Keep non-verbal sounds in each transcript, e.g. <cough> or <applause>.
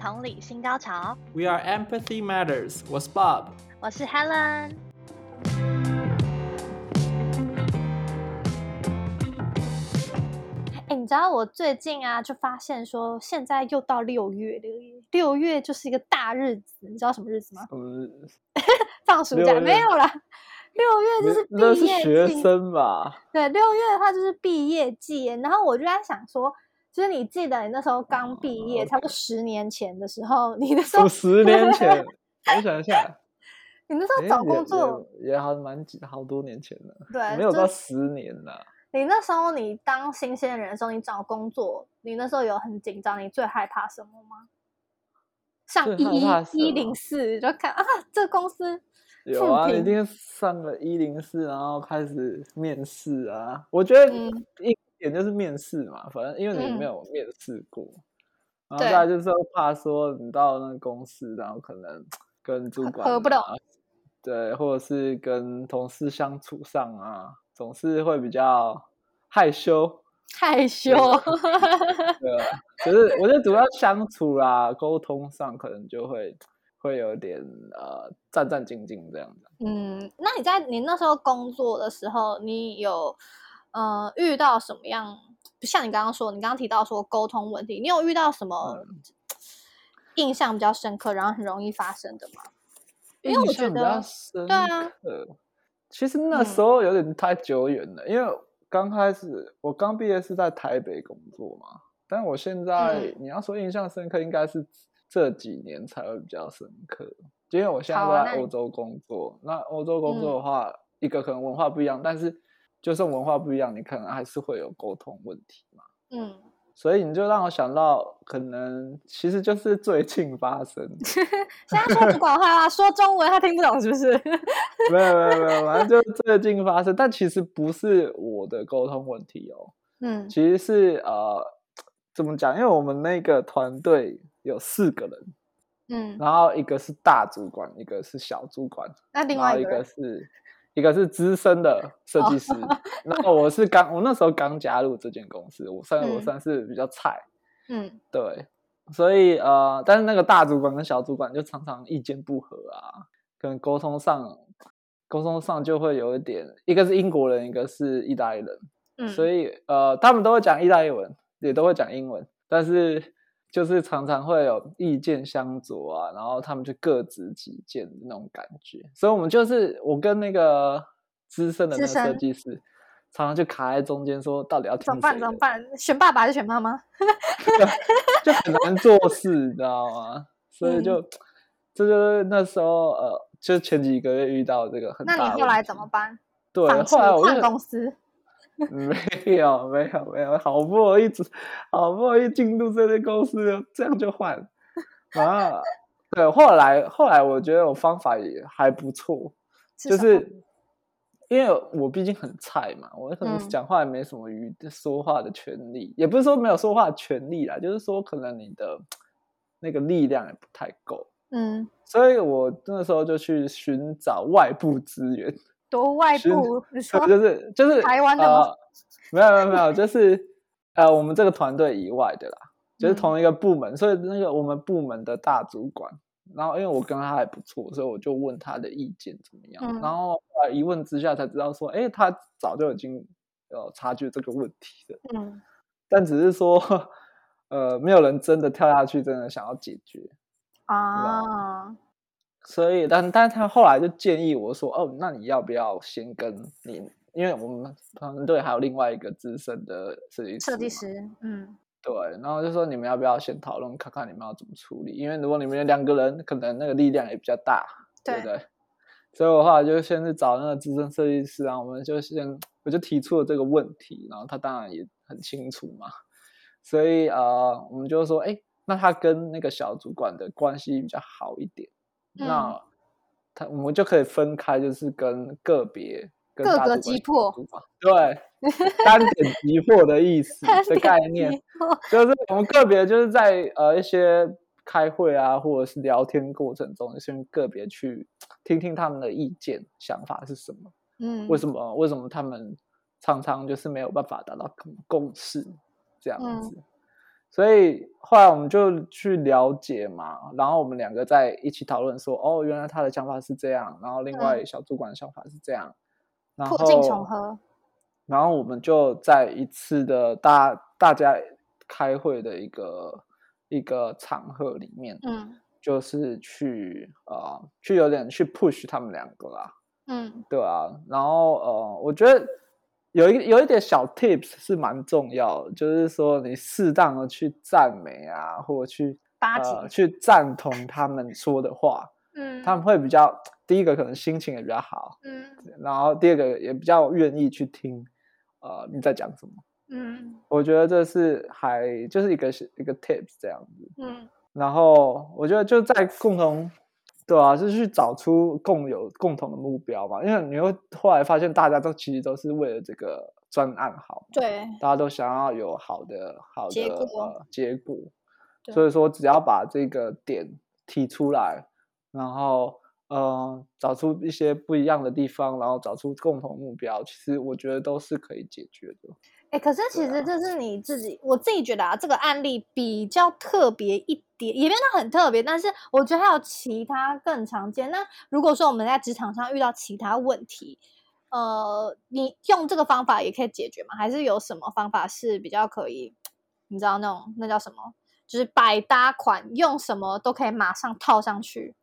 同理，新高潮。We are empathy matters. 我是 Bob。我是 Helen。哎，你知道我最近啊，就發現說，現在又到六月，六月六月就是一個大日子，你知道什麼日子嗎？六月 <laughs> 放暑假，六月沒有啦，六月就是畢業季，學生吧？對，六月的話就是畢業季。然後我就在想說。就是你記得你那時候剛畢業，嗯、差不多十年前的時候，Okay. 你那時候十年前，回想 <laughs> 一下，你那時候找工作也還蠻緊，好多年前了，對，沒有到十年了。你那時候你當新鮮人的時候，你找工作，你那時候有很緊張，你最害怕什麼嗎？上一一零四就看啊，這個、公司有啊，品一定上個一零四，然後開始面試啊，我覺得一。嗯也就是面試嘛，反正因為你沒有面試過，嗯、然後再就是怕說你到那個公司，然後可能跟主管，合不對，或者是跟同事相處上啊，總是會比較害羞，害羞， <laughs> 對、啊， <laughs> 就是我就主要相處啊，溝 <laughs> 通上可能就會會有點呃戰戰兢兢這樣的。嗯，那你在你那時候工作的時候，你有？呃，遇到什麼樣？不像你剛剛說，你剛剛提到說溝通問題，你有遇到什麼印象比較深刻，然後很容易發生的嗎？因為我覺得印象比較深刻，對啊。其實那時候有點太久遠了，嗯、因為剛開始我剛畢業是在台北工作嘛。但我現在、嗯、你要說印象深刻，應該是這幾年才會比較深刻，因為我現在在歐洲工作。那，那歐洲工作的話，嗯、一個可能文化不一樣，但是。就算文化不一樣，你可能還是會有溝通問題嘛。嗯，所以你就讓我想到，可能其實就是最近發生。現在 <laughs> 說不管話啦、啊， <laughs> 說中文他聽不懂是不是？ <laughs> 沒有沒有沒有，反正就最近發生， <laughs> 但其實不是我的溝通問題哦。嗯，其實是呃，怎麼講？因為我們那個團隊有四個人，嗯，然後一個是大主管，一個是小主管，那另外一個，然後一個是。一個是資深的設計師，oh. 然後我是剛，我那時候剛加入這間公司，我算、嗯、我算是比較菜，嗯，對，所以呃，但是那個大主管跟小主管就常常意見不合啊，可能溝通上，溝通上就會有一點，一個是英國人，一個是意大利人，嗯，所以呃，他們都會講意大利文，也都會講英文，但是。就是常常會有意見相左啊，然後他們就各執己見的那種感覺，所以我們就是我跟那個資深的那個設計師，深常常就卡在中間，說到底要怎麼辦？怎麼辦？選爸爸還是選媽媽？ <laughs> <laughs> 就很難做事，你知道嗎？所以就這、嗯、就，就是那時候呃，就前幾個月遇到這個很，那你後來怎麼辦？對，後來換公司。 <laughs> <laughs> 沒有，沒有，沒有，好不容易只，好不容易進入這類公司，這樣就換，啊，對，後來後來我覺得我方法也還不錯，就是因為我畢竟很菜嘛，我可能講話也沒什麼語說話的權利，嗯，也不是說沒有說話的權利啦，就是說可能你的那個力量也不太夠，嗯，所以我那個時候就去尋找外部資源。都外部，實說就是就是台灣的、呃，沒有沒有沒有， <laughs> 就是呃，我們這個團隊以外的啦，就是同一個部門，嗯、所以那個我們部門的大主管，然後因為我跟他還不錯，所以我就問他的意見怎麼樣，嗯、然後一問之下才知道說，哎、欸，他早就已經有察覺這個問題了，嗯，但只是說，呃，沒有人真的跳下去，真的想要解決啊。所以，但但是他後來就建議我說，哦，那你要不要先跟你，因為我們團隊還有另外一個資深的設計師，設計師，嗯，對，然後就說你們要不要先討論，看看你們要怎麼處理？因為如果你們兩個人，可能那個力量也比較大，對，對不對？所以的話，就先去找那個資深設計師啊，我們就先我就提出了這個問題，然後他當然也很清楚嘛，所以啊、呃，我們就說，哎、欸，那他跟那個小主管的關係比較好一點。那他、嗯、我們就可以分開，就是跟個別各個擊破，對單點擊破的意思 <laughs> 的概念，就是我們個別就是在呃一些開會啊，或者是聊天過程中，先個別去聽聽他們的意見想法是什麼，嗯，為什麼為什麼他們常常就是沒有辦法達到共識這樣子。嗯所以後來我們就去了解嘛，然後我們兩個在一起討論說，哦，原來他的想法是這樣，然後另外小主管的想法是這樣，嗯、然後，然後我們就在一次的大大家開會的一個一個場合裡面，嗯，就是去啊、呃、去有點去 push 他們兩個啦，嗯，對啊，然後呃，我覺得。有一有一點小 tips 是蠻重要的，就是說你適當的去讚美啊，或者去巴結，呃去贊同他們說的話，嗯，他們會比較第一個可能心情也比較好，嗯，然後第二個也比較願意去聽，呃你在講什麼，嗯，我覺得這是還就是一個一個 tips 這樣子，嗯，然後我覺得就在共同。對啊，就是去找出共有共同的目標嘛，因為你會後來發現，大家都其實都是為了這個專案好，對，大家都想要有好的好的結果、呃，結果，對，所以說只要把這個點提出來，然後、呃、找出一些不一樣的地方，然後找出共同目標，其實我覺得都是可以解決的。哎、欸，可是其實這是你自己，啊、我自己覺得啊，這個案例比較特別一點。也變得很特別，但是我覺得還有其他更常見。那如果說我們在職場上遇到其他問題，呃，你用這個方法也可以解決嗎？還是有什麼方法是比較可以？你知道那種那叫什麼？就是百搭款，用什麼都可以馬上套上去，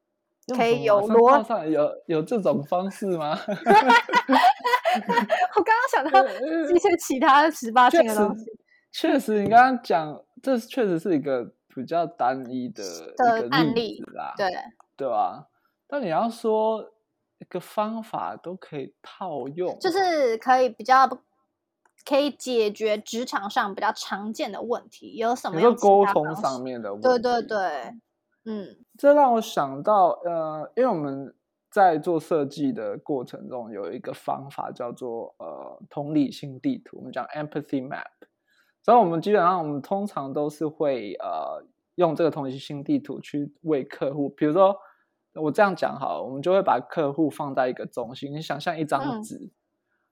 可以有羅上，套上有有這種方式嗎？ <laughs> <laughs> 我剛剛想到一些其他十八禁的東西，確實，確實你剛剛講這確實是一個。比較單一的一個例案例啦，對，對吧？但你要說一個方法都可以套用，就是可以比較，可以解決職場上比較常見的問題，有什麼一個溝通上面的問題？問。對對對，嗯，這讓我想到，呃，因為我們在做設計的過程中有一個方法叫做呃同理心地圖，我們講 empathy map。所以我們基本上，我們通常都是會呃用這個同理心地圖去為客戶，比如說我這樣講好，我們就會把客戶放在一個中心。你想象一張紙，嗯、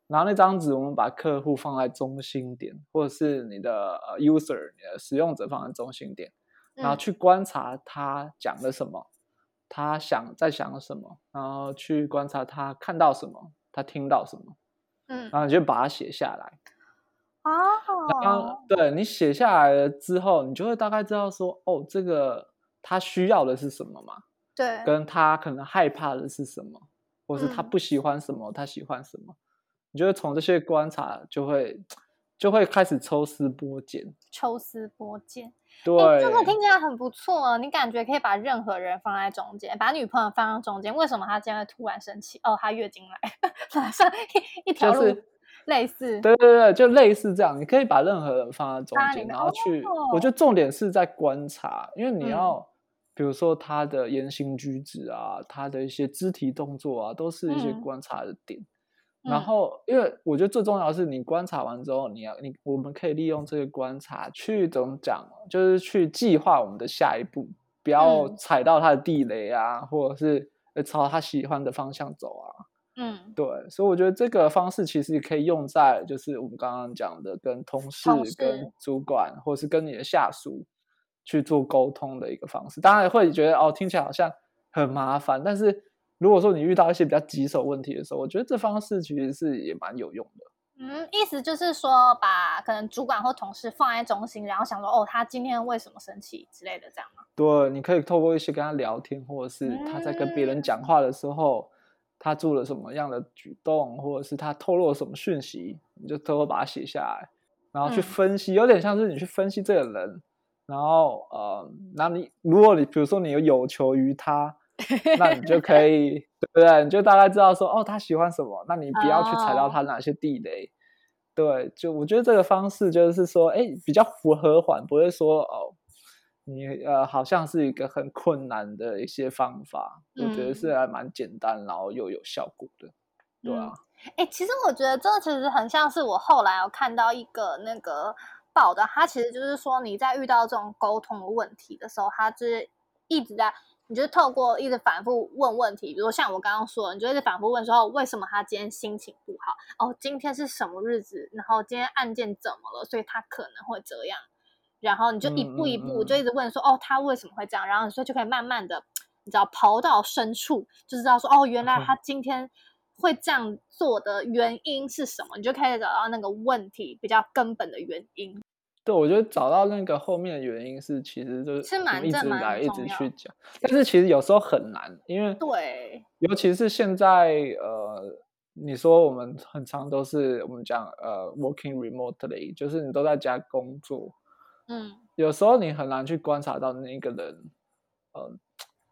然後那張紙我們把客戶放在中心點，或者是你的 user 你的使用者放在中心點，然後去觀察他講了什麼，嗯、他想在想什麼，然後去觀察他看到什麼，他聽到什麼，嗯，然後你就把它寫下來啊。哦對，你寫下來了之後，你就會大概知道說，哦，這個他需要的是什麼嘛？對，跟他可能害怕的是什麼，或是他不喜歡什麼，嗯、他喜歡什麼？你就會從這些觀察就會就會開始抽絲剝繭。抽絲剝繭，對，這個聽起來很不錯。你感覺可以把任何人放在中間，把女朋友放在中間，為什麼他今天會突然生氣？哦，他月經來，馬上一一條路。就是類似，對對對，就類似這樣。你可以把任何人放在中間，啊、然後去。哦、我覺得重點是在觀察，因為你要，嗯、比如說他的言行舉止啊，他的一些肢體動作啊，都是一些觀察的點。嗯、然後，因為我覺得最重要的是，你觀察完之後，你要你我們可以利用這個觀察去怎麼講、啊，就是去計劃我們的下一步，不要踩到他的地雷啊，嗯、或者是呃朝他喜歡的方向走啊。嗯，對，所以我覺得這個方式其實也可以用在，就是我們剛剛講的跟同事、同事跟主管，或者是跟你的下屬去做溝通的一個方式。當然會覺得哦，聽起來好像很麻煩，但是如果說你遇到一些比較棘手問題的時候，我覺得這方式其實是也蠻有用的。嗯，意思就是說，把可能主管或同事放在中心，然後想說哦，他今天為什麼生氣之類的，這樣嗎？對，你可以透過一些跟他聊天，或者是他在跟別人講話的時候。嗯他做了什麼樣的舉動，或者是他透露了什麼訊息，你就偷偷把它寫下來，然後去分析，有點像是你去分析這個人，然後呃，那你如果你比如說你有有求於他，那你就可以 <laughs> 對不對？你就大概知道說哦，他喜歡什麼，那你不要去踩到他哪些地雷。Oh. 對，就我覺得這個方式就是說，哎，比較符合緩，不會說哦。你呃，好像是一個很困難的一些方法，嗯、我覺得是還蠻簡單，然後又有效果的，對，嗯、對啊。哎、欸，其實我覺得這個其實很像是我後來有看到一個那個報導。他其實就是說你在遇到這種溝通的問題的時候，他就是一直在，你就透過一直反覆問問題，比如像我剛剛說的，你就一直反覆問，說為什麼他今天心情不好？哦，今天是什麼日子？然後今天案件怎麼了？所以他可能會這樣。然後你就一步一步，就一直問說、嗯嗯嗯、哦，他為什麼會這樣？然後你說就可以慢慢的，你知道刨到深處，就知道說哦，原來他今天會這樣做的原因是什麼？嗯、你就可以找到那個問題比較根本的原因。對，我覺得找到那個後面的原因是，其實就是蠻正一直來蠻一直去講，但是其實有時候很難，因為對，尤其是現在呃，你說我們很常都是我們講呃，working remotely，就是你都在家工作。嗯，有時候你很難去觀察到那一個人，嗯、呃，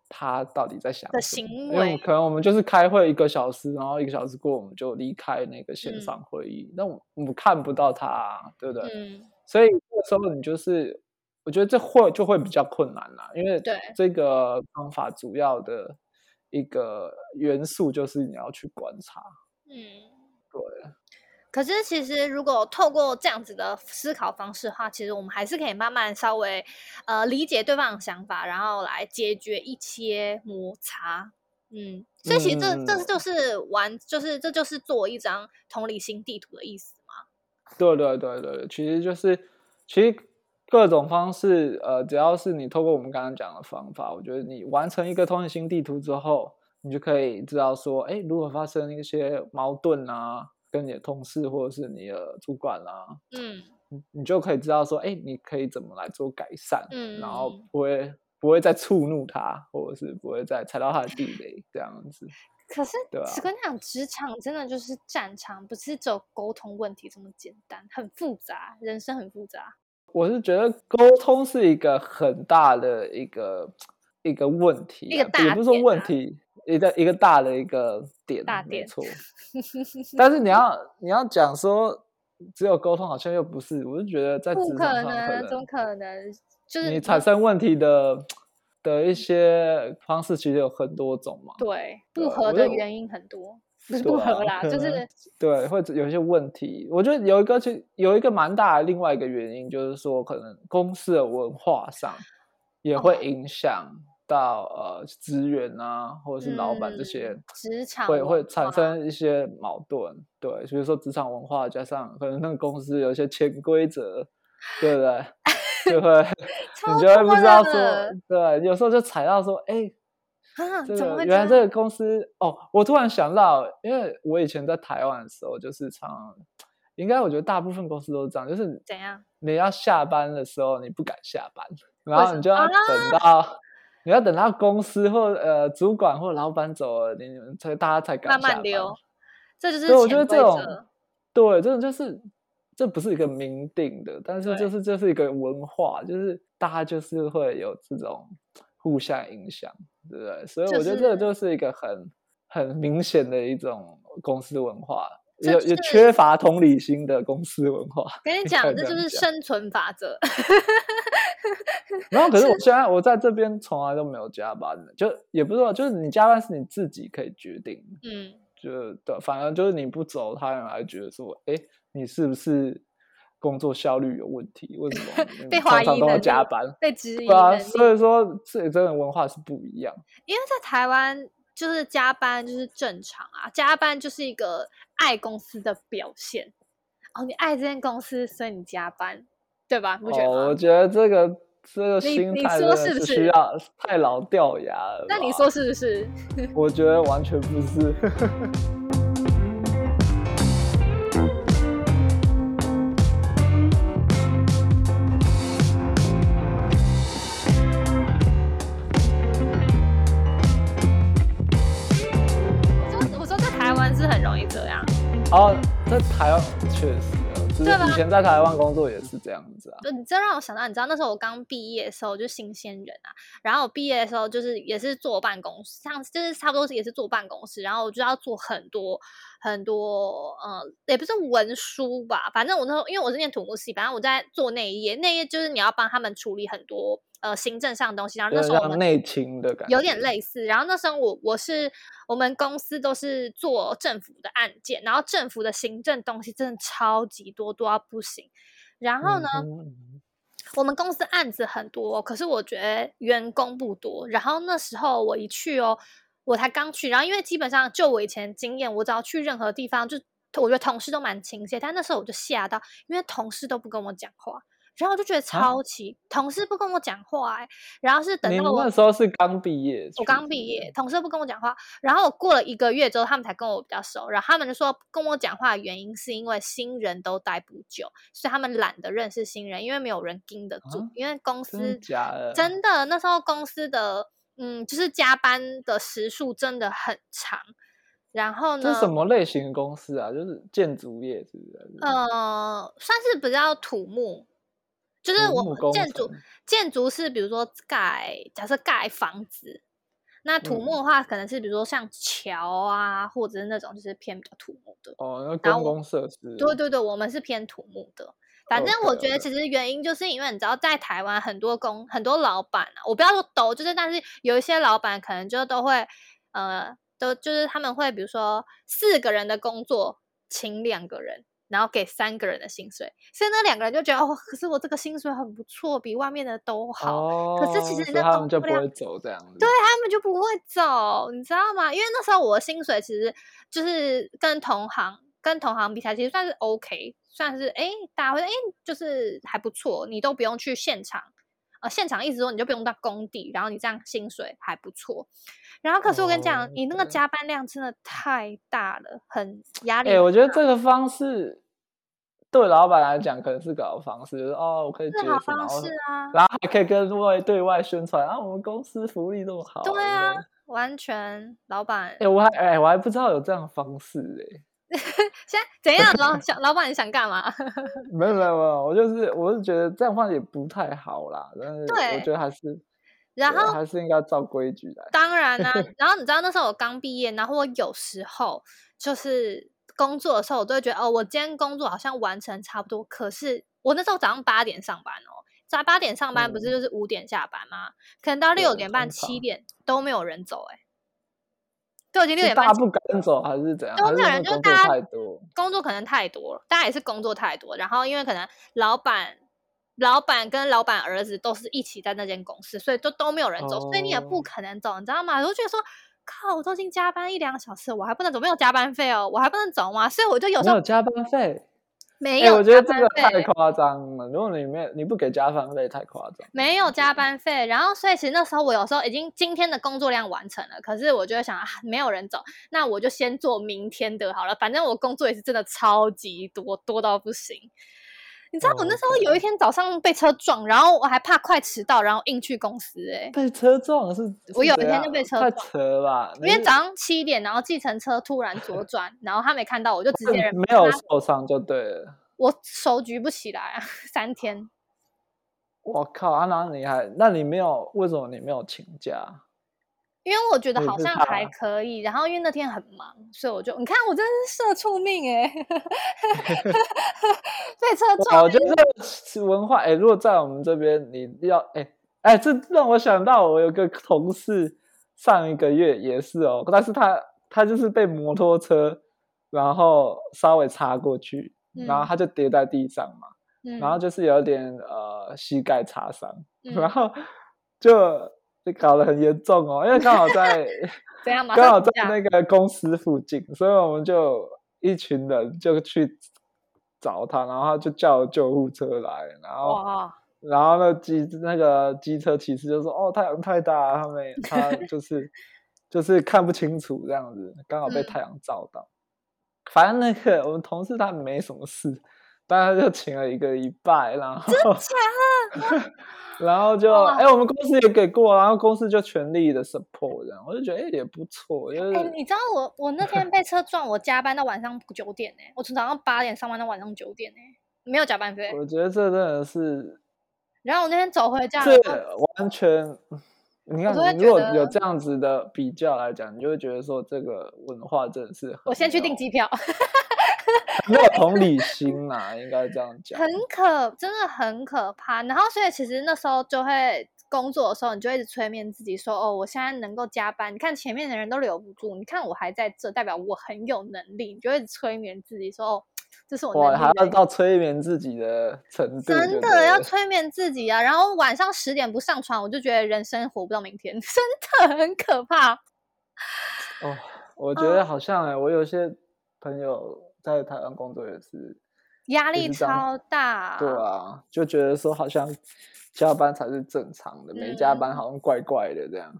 他到底在想的行為，因為可能我們就是開會一個小時，然後一個小時過，我們就離開那個線上會議，那、嗯、我們看不到他、啊，對不對？嗯，所以那時候你就是，我覺得這會就會比較困難啦，因為對這個方法主要的一個元素就是你要去觀察，嗯，對。可是，其實如果透過這樣子的思考方式的話，其實我們還是可以慢慢稍微，呃，理解對方的想法，然後來解決一些摩擦。嗯，所以其實這、嗯、這就是玩，就是這就是做一張同理心地圖的意思嗎？對對對對，其實就是，其實各種方式，呃，只要是你透過我們剛剛講的方法，我覺得你完成一個同理心地圖之後，你就可以知道說，哎，如果發生一些矛盾啊。跟你的同事或者是你的主管啦、啊，嗯，你就可以知道說，哎、欸，你可以怎麼來做改善，嗯，然後不會不會再觸怒他，或者是不會再踩到他的地雷這樣子。可是，對啊，跟你講職場真的就是戰場，不是只有溝通問題這麼簡單，很複雜，人生很複雜。我是覺得溝通是一個很大的一個一個問題、啊，一個大、啊，也不是說問題，一個一個大的一個。點錯，但是你要你要講說只有溝通好像又不是，我就覺得在不可能，怎麼可能？就是你，你產生問題的的一些方式其實有很多種嘛。對，不合的原因很多，不合啦，就是對，或者有些問題，我覺得有一個其有一個蠻大的另外一個原因就是說，可能公司的文化上也會影響。嗯到呃，職員啊，或者是老闆這些，職、嗯、場會會產生一些矛盾，吧對，所以說職場文化加上可能那個公司有一些潛規則， <laughs> 對不對？就會 <laughs> 你就會不知道說，對，有時候就踩到說，哎、欸、啊、這個這原來這個公司哦，我突然想到，因為我以前在台灣的時候就是常，應該我覺得大部分公司都是這樣，就是怎樣？你要下班的時候你不敢下班，然後你就要等到。你要等到公司或呃主管或老板走了，你才大家才敢慢慢溜。這就是我覺得這種對，這種就是這不是一個明定的，但是就是這對是一個文化，就是大家就是會有這種互相影響，對不對？所以我覺得這個就是一個很很明顯的一種公司文化，就是、也也缺乏同理心的公司文化。跟你講，這,講這就是生存法則。 <laughs> <laughs> 然後可是我現在我在這邊從來都沒有加班，就也不知道，就是你加班是你自己可以決定，嗯，就對，反正就是你不走，他人還覺得說，哎，你是不是工作效率有問題？為什麼？被懷疑的加班，被質疑，對啊，所以說這種文化是不一樣，因為在台灣就是加班就是正常啊，加班就是一個愛公司的表現哦，你愛這間公司，所以你加班。對吧？我覺得，哦，我覺得這個，這個這個心態真的是需要太老掉牙了。那你，你說是不是？我覺得完全不是。 <laughs> 我說，我說在台灣是很容易這樣。哦，在台灣確實。是吧以前在台灣工作也是這樣子啊，對你這讓我想到，你知道那時候我剛畢業的時候就新鮮人啊，然後我畢業的時候就是也是坐辦公室，像就是差不多也是坐辦公室，然後我就要做很多。很多呃，也不是文書吧，反正我那時候，因為我是念土木系，反正我在做內業，內業就是你要幫他們處理很多呃行政上的東西。然後那時候我們內勤的感覺有點類似。然後那時候我我是我們公司都是做政府的案件，然後政府的行政東西真的超級多，多到不行。然後呢，嗯嗯嗯我們公司案子很多，可是我覺得員工不多。然後那時候我一去哦。我才剛去，然後因為基本上就我以前經驗，我只要去任何地方，就我覺得同事都蠻親切。但那時候我就嚇到，因為同事都不跟我講話，然後我就覺得超奇，啊、同事不跟我講話、欸，哎，然後是等到我那時候是剛畢業，我剛畢業，同事不跟我講話，然後我過了一個月之後，他們才跟我比較熟，然後他們就說跟我講話的原因是因為新人都待不久，所以他們懶得認識新人，因為沒有人盯得住，啊、因為公司真假的？真的，那時候公司的。嗯，就是加班的時數真的很長，然後呢？這是什麼類型的公司啊？就是建築業之類的。呃，算是比較土木，就是我建築建築是比如說蓋，假設蓋房子，那土木的話可能是比如說像橋啊，嗯、或者是那種就是偏比較土木的。哦，那公共設施、啊。對對對，我們是偏土木的。反正我覺得，其實原因就是因為你知道，在台灣很多工很多老板啊，我不要說都，就是但是有一些老板可能就都會，呃，都就是他們會比如說四個人的工作請兩個人，然後給三個人的薪水，所以那兩個人就覺得哦，可是我這個薪水很不錯，比外面的都好。哦、可是其實那他們就不會走這樣子，對他們就不會走，你知道嗎？因為那時候我的薪水其實就是跟同行跟同行比起來，其實算是 OK。算是哎，大會哎，就是還不錯，你都不用去現場，呃，現場意思說你就不用到工地，然後你這樣薪水還不錯。然後可是我跟你講，哦、你那個加班量真的太大了，很壓力很。哎，我覺得這個方式對老闆來講可能是個好方式，嗯就是，哦，我可以。好方式啊，然後還可以跟各位對外宣傳啊，我們公司福利那麼好。對啊，的完全老闆。哎，我還哎，我還不知道有這樣的方式哎。先 <laughs> 怎樣？老小 <laughs> 老板想幹嘛？沒 <laughs> 有沒有沒有，我就是我就是覺得這樣話也不太好啦。對，我覺得還是，對對然後還是應該照規矩來。當然啦、啊。 <laughs> 然後你知道那時候我剛畢業，然後我有時候就是工作的時候，我就覺得哦，我今天工作好像完成差不多。可是我那時候早上八點上班哦，早上八點上班不是就是五點下班嗎？嗯、可能到六點半、七點都沒有人走哎、欸。就已經六點半了，大不敢走還是怎樣？都沒有人，就是大家工作可能太多了，大家也是工作太多，然後因為可能老板、老板跟老板兒子都是一起在那間公司，所以都都沒有人走，哦、所以你也不可能走，你知道嗎？我就覺得說，靠，我都已經加班一兩個小時，我還不能走，沒有加班費哦，我還不能走嗎？所以我就有時候沒有加班費。沒有、欸，我覺得這個太誇張了。如果你沒有你不給加班費，太誇張了。沒有加班費，然後所以其實那時候我有時候已經今天的工作量完成了，可是我就會想，沒有人走，那我就先做明天的好了。反正我工作也是真的超級多，多到不行。你知道我那時候有一天早上被車撞，然後我還怕快遲到，然後硬去公司哎、欸。被車撞是？我有一天就被車撞吧，因為早上七點，然後計程車突然左轉， <laughs> 然後他沒看到，我就直接沒有受傷就對了。我手舉不起來、啊、三天。我靠，阿、啊、南你還，那你沒有，為什麼你沒有請假？因為我覺得好像還可以，嗯、然後因為那天很忙，所以我就你看，我真是社畜命哎、欸， <laughs> <laughs> <laughs> 被車撞了。我覺得這個文化哎，如果在我們這邊，你要哎哎，這讓我想到，我有個同事上一個月也是哦，但是他他就是被摩托車然後稍微擦過去，嗯、然後他就跌在地上嘛，嗯、然後就是有點呃膝蓋擦傷，然後就。嗯搞得很嚴重哦，因為剛好在剛 <laughs> 嗎好在那個公司附近， <laughs> 所以我們就一群人就去找他，然後他就叫救護車來，然後、哦、然後那機那個機車騎士就說：“哦，太陽太大，他沒他就是 <laughs> 就是看不清楚這樣子，剛好被太陽照到。嗯、反正那個我們同事他沒什麼事，但他就請了一個禮拜，然後。 <laughs> 然後就哎、oh, 欸，我們公司也給過，然後公司就全力的 support，這樣我就覺得哎、欸，也不錯，因、就、為、是欸、你知道我我那天被車撞， <laughs> 我加班到晚上九點呢、欸，我從早上八點上班到晚上九點呢、欸，沒有加班費。是是我覺得這真的是，然後我那天走回家，這是後完全，你看，你如果有這樣子的比較來講，你就會覺得說這個文化真的是好。我先去訂機票。 <laughs> <laughs> 沒有同理心嘛、啊，應該這樣講。很可，真的很可怕。然後，所以其實那時候就會工作的時候，你就會一直催眠自己說：“哦，我現在能夠加班，你看前面的人都留不住，你看我還在這，代表我很有能力。”你就一直催眠自己說：“哦，這是我能力。”還要到催眠自己的層次。真的要催眠自己啊！然後晚上十點不上床，我就覺得人生活不到明天，真的很可怕。哦，我覺得好像哎、欸，啊、我有些朋友。在台灣工作也是，壓壓力超大。對啊，就覺得說好像加班才是正常的，沒加、嗯、班好像怪怪的這樣。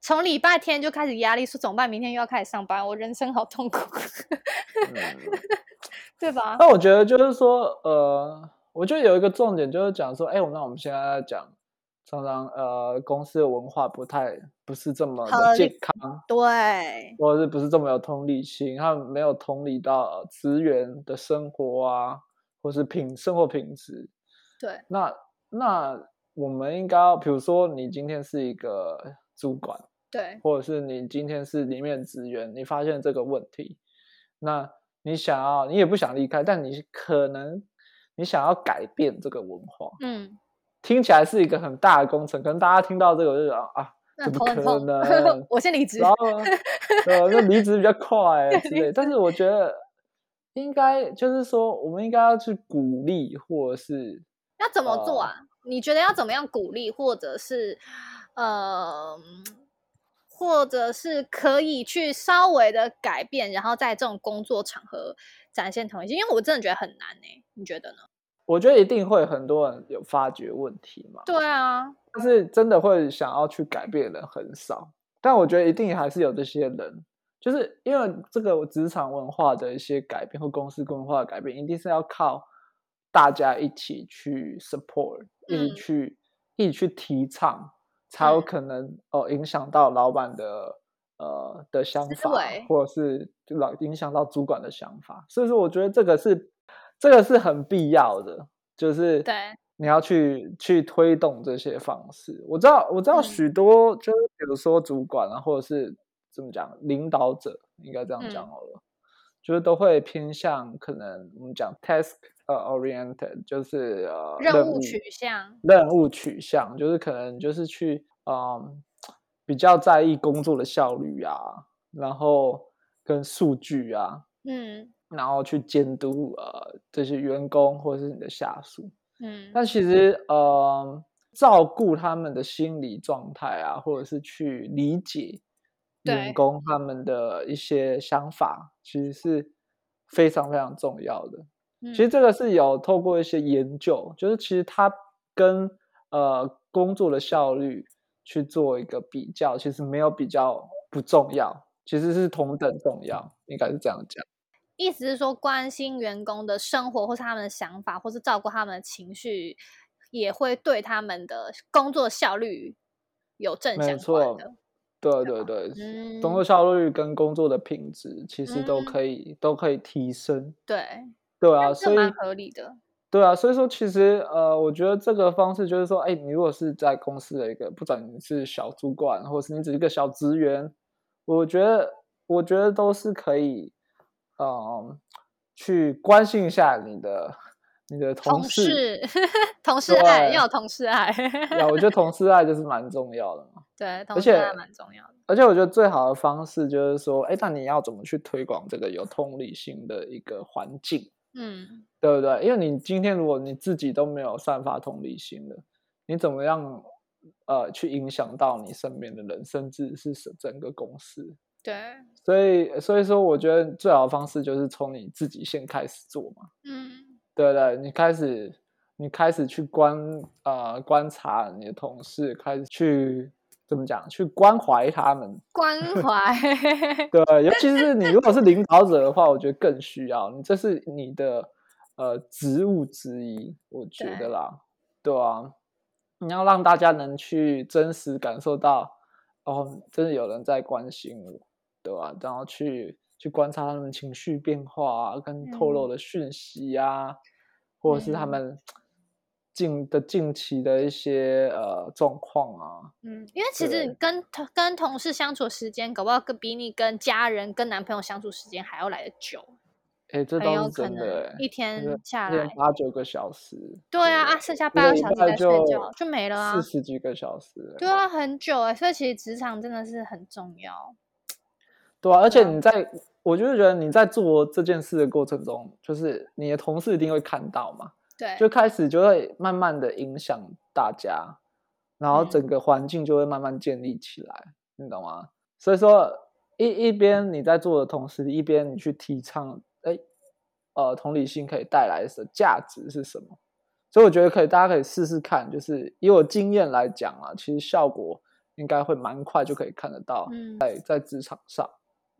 從禮拜天就開始壓力，說怎麼辦？明天又要開始上班，我人生好痛苦，對吧？那我覺得就是說，呃，我覺得有一個重點就是講說，哎、欸，那我們現在要講。常常呃，公司的文化不太不是這麼的健康，對，或者是不是這麼有同理心。他沒有同理到職員的生活啊，或是品生活品質。對，那那我們應該要，比如說你今天是一個主管，對，或者是你今天是裡面的職員，你發現這個問題，那你想要，你也不想離開，但你可能你想要改變這個文化，嗯。聽起來是一個很大的工程，可能大家聽到這個我就想啊，那頭很痛的怎麼可能？ <laughs> 我先離職。然後呢，呃、 <laughs> 嗯，那離職比較快、欸，對。 <laughs> 但是我覺得應該就是說，我們應該要去鼓勵，或者是要怎麼做啊？呃、你覺得要怎麼樣鼓勵，或者是嗯、呃，或者是可以去稍微的改變，然後在這種工作場合展現同理心？因為我真的覺得很難誒、欸，你覺得呢？我覺得一定會很多人有發覺問題嘛，對啊，但是真的會想要去改變的人很少。但我覺得一定還是有這些人，就是因為這個職場文化的一些改變或公司文化的改變，一定是要靠大家一起去 support，一起去、嗯、一起去提倡，才有可能哦影響到老闆的、嗯、呃的想法，或者是就老影響到主管的想法。所以說，我覺得這個是。這個是很必要的，就是對你要去對去推動這些方式。我知道，我知道許多，嗯、就是比如說主管啊，或者是怎麼講，領導者，應該這樣講好了，嗯、就是都會偏向可能我們講 task oriented，就是、呃、任務、任務取向，任務取向就是可能就是去、呃、比較在意工作的效率啊，然後跟數據啊，嗯。然後去監督呃這些員工或者是你的下屬，嗯，但其實呃照顧他們的心理狀態啊，或者是去理解員工他們的一些想法，對其實是非常非常重要的。嗯、其實這個是有透過一些研究，就是其實他跟呃工作的效率去做一個比較，其實沒有比較不重要，其實是同等重要，應該是這樣講。意思是說，關心員工的生活，或是他們的想法，或是照顧他們的情緒，也會對他們的工作效率有正向的。沒錯，對對對，對吧、嗯，工作效率跟工作的品質其實都可以、嗯、都可以提升。嗯、對，對啊，所以蠻合理的。對啊，所以說其實呃，我覺得這個方式就是說，哎，你如果是在公司的一個，不管你是小主管，或是你只是一個小職員，我覺得我覺得都是可以。嗯，去關心一下你的你的同事，同事，同事愛要對有同事愛。我覺得同事愛就是蠻重要的嘛。對，而且同事愛蠻重要的。而且我覺得最好的方式就是說，哎，那你要怎麼去推廣這個有同理心的一個環境？嗯，對不對？因為你今天如果你自己都沒有散發同理心的，你怎麼樣呃去影響到你身邊的人，甚至是整個公司？對，所以，所以所以說，我覺得最好的方式就是從你自己先開始做嘛。嗯，對對，你開始，你開始去觀啊、呃、觀察你的同事，開始去怎麼講，去關懷他們。關懷。 <laughs> 對，尤其是你如果是領導者的話， <laughs> 我覺得更需要你，這是你的呃職務之一，我覺得啦。對，對啊，你要讓大家能去真實感受到，哦，真的有人在關心我。對啊，然後去去觀察他們情緒變化啊，跟透露的訊息啊，嗯、或者是他們近、嗯、的近期的一些呃狀況啊。嗯，因為其實對跟跟同事相處時間，搞不好比你跟家人、跟男朋友相處時間還要來得久。哎、欸，這都是真的。一天下來天八九個小時。對啊啊，剩下八個小時再睡覺就沒了啊。四十幾個小時。對啊，很久哎，所以其實職場真的是很重要。對啊，而且你在、嗯、我就是覺得你在做這件事的過程中，就是你的同事一定會看到嘛，對，就開始就會慢慢的影響大家，然後整個環境就會慢慢建立起來，嗯、你懂嗎？所以說一一邊你在做的同時，一邊你去提倡，哎，呃，同理心可以帶來的價值是什麼？所以我覺得可以，大家可以試試看，就是以我經驗來講啊，其實效果應該會蠻快就可以看得到，嗯、在，在職場上。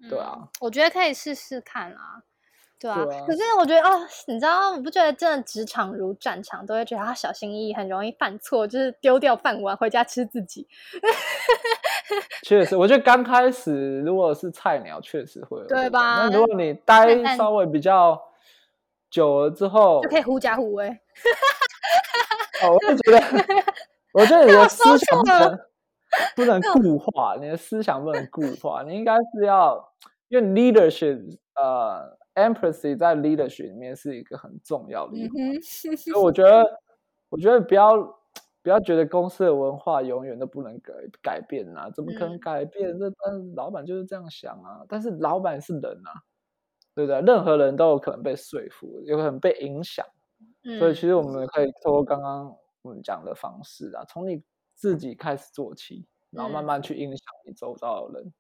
嗯、對啊，我覺得可以試試看啊，對啊。對啊，可是我覺得啊、哦，你知道，我不覺得真的職場如戰場，都會覺得他小心翼翼，很容易犯錯，就是丟掉飯碗回家吃自己。確實，我覺得剛開始如果是菜鳥，確實會，對吧？那如果你待稍微比較久了之後，就可以狐假虎威、哦。我就覺得， <laughs> 我這得說，有私藏不能固化你的思想， <laughs> 不能固化。你應該是要，因為 leadership 呃、uh,，empathy 在 leadership 裡面是一個很重要的。嗯、是是是所以我覺得，我覺得不要不要覺得公司的文化永遠都不能改改變啦、啊，怎麼可能改變。嗯、這但是老板就是這樣想啊，但是老板是人啊，對不對？任何人都有可能被說服，有可能被影響。嗯、所以其實我們可以通過剛剛我們講的方式啊，嗯、從你，自己開始做起，然後慢慢去影響你周遭的人。嗯、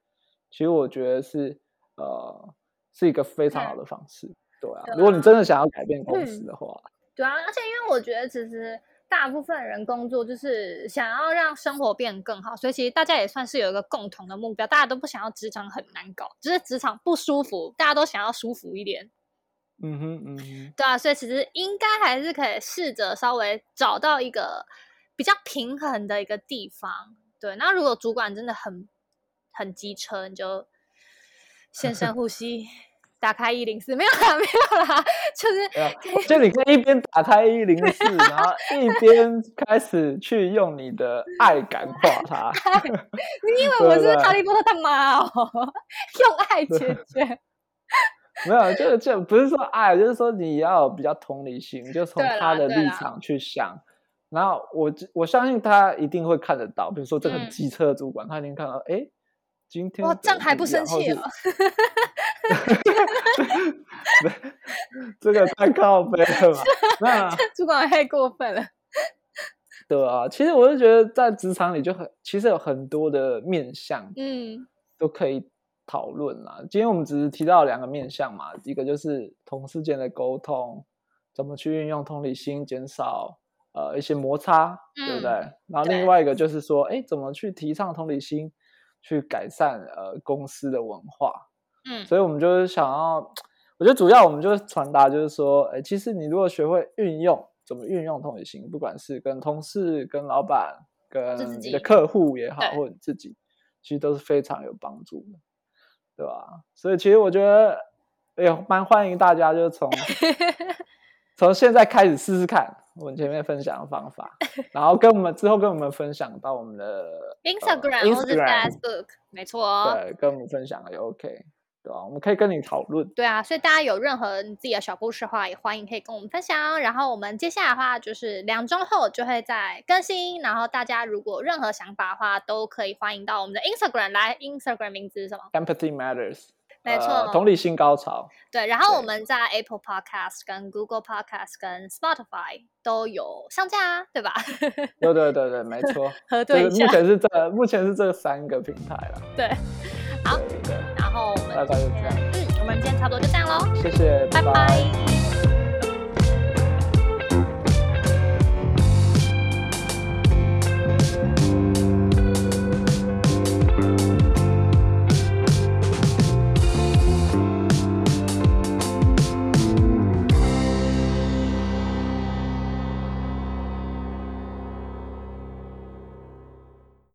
其實我覺得是呃，是一個非常好的方式。嗯、對啊，如果你真的想要改變公司的話、嗯，對啊，而且因為我覺得其實大部分人工作就是想要讓生活變更好，所以其實大家也算是有一個共同的目標，大家都不想要職場很難搞，只、就是職場不舒服，大家都想要舒服一點。嗯哼，嗯哼，對啊，所以其實應該還是可以試着稍微找到一個，比較平衡的一個地方，對。那如果主管真的很很機車，你就先深呼吸， <laughs> 打開一零四，沒有啦，沒有啦，就是可以就你以一邊打開一零四，然後一邊開始去用你的愛感化他。 <laughs> <laughs> 你以為我是哈利波特的媽哦？用愛解決。 <laughs> <laughs> 沒有，就是就不是說愛，就是說你要比較同理心，就從他的立場去想。然後我我相信他一定會看得到，比如說這個機車的主管，嗯、他一定看到，哎、欸，今天哇，這樣還不生氣了，哦？這個太靠北了嘛， <laughs> 那主管太過分了。對啊，其實我就覺得在職場裡就很，其實有很多的面向，嗯，都可以討論啦。今天我們只是提到兩個面向嘛，一個就是同事間的溝通，怎麼去運用同理心，減少。呃，一些摩擦，嗯、對不對？然後另外一個就是說，哎對，怎麼去提倡同理心，去改善呃公司的文化？嗯，所以我們就是想要，我覺得主要我們就是傳達就是說，哎，其實你如果學會運用，怎麼運用同理心，不管是跟同事、跟老闆、跟你的客戶也好，或者你自己，對其實都是非常有幫助的，對吧？所以其實我覺得哎蠻歡迎大家就從。 <laughs> 從現在開始試試看，我們前面分享的方法， <laughs> 然後跟我們之後跟我們分享到我們的 Instagram、呃、或是 Facebook，沒錯、哦、對，跟我們分享也 OK，對、啊、我們可以跟你討論，對啊，所以大家有任何你自己的小故事的話，也歡迎可以跟我們分享。然後我們接下來的話就是兩周後就會再更新。然後大家如果任何想法的話，都可以歡迎到我們的 Instagram 來。Instagram 名字是什麼？Empathy Matters。沒錯、哦、呃，同理心高潮。對，然後我們在 Apple Podcast、跟 Google Podcast、跟 Spotify 都有上架，啊、對吧？ <laughs> 對對對對，沒錯。 <laughs> 核對一下，對，目前是這個，目前是這三個平台了。對，好。對對，然後我們大概就這樣。嗯，我們今天差不多就這樣嘍。謝謝，拜拜。拜拜。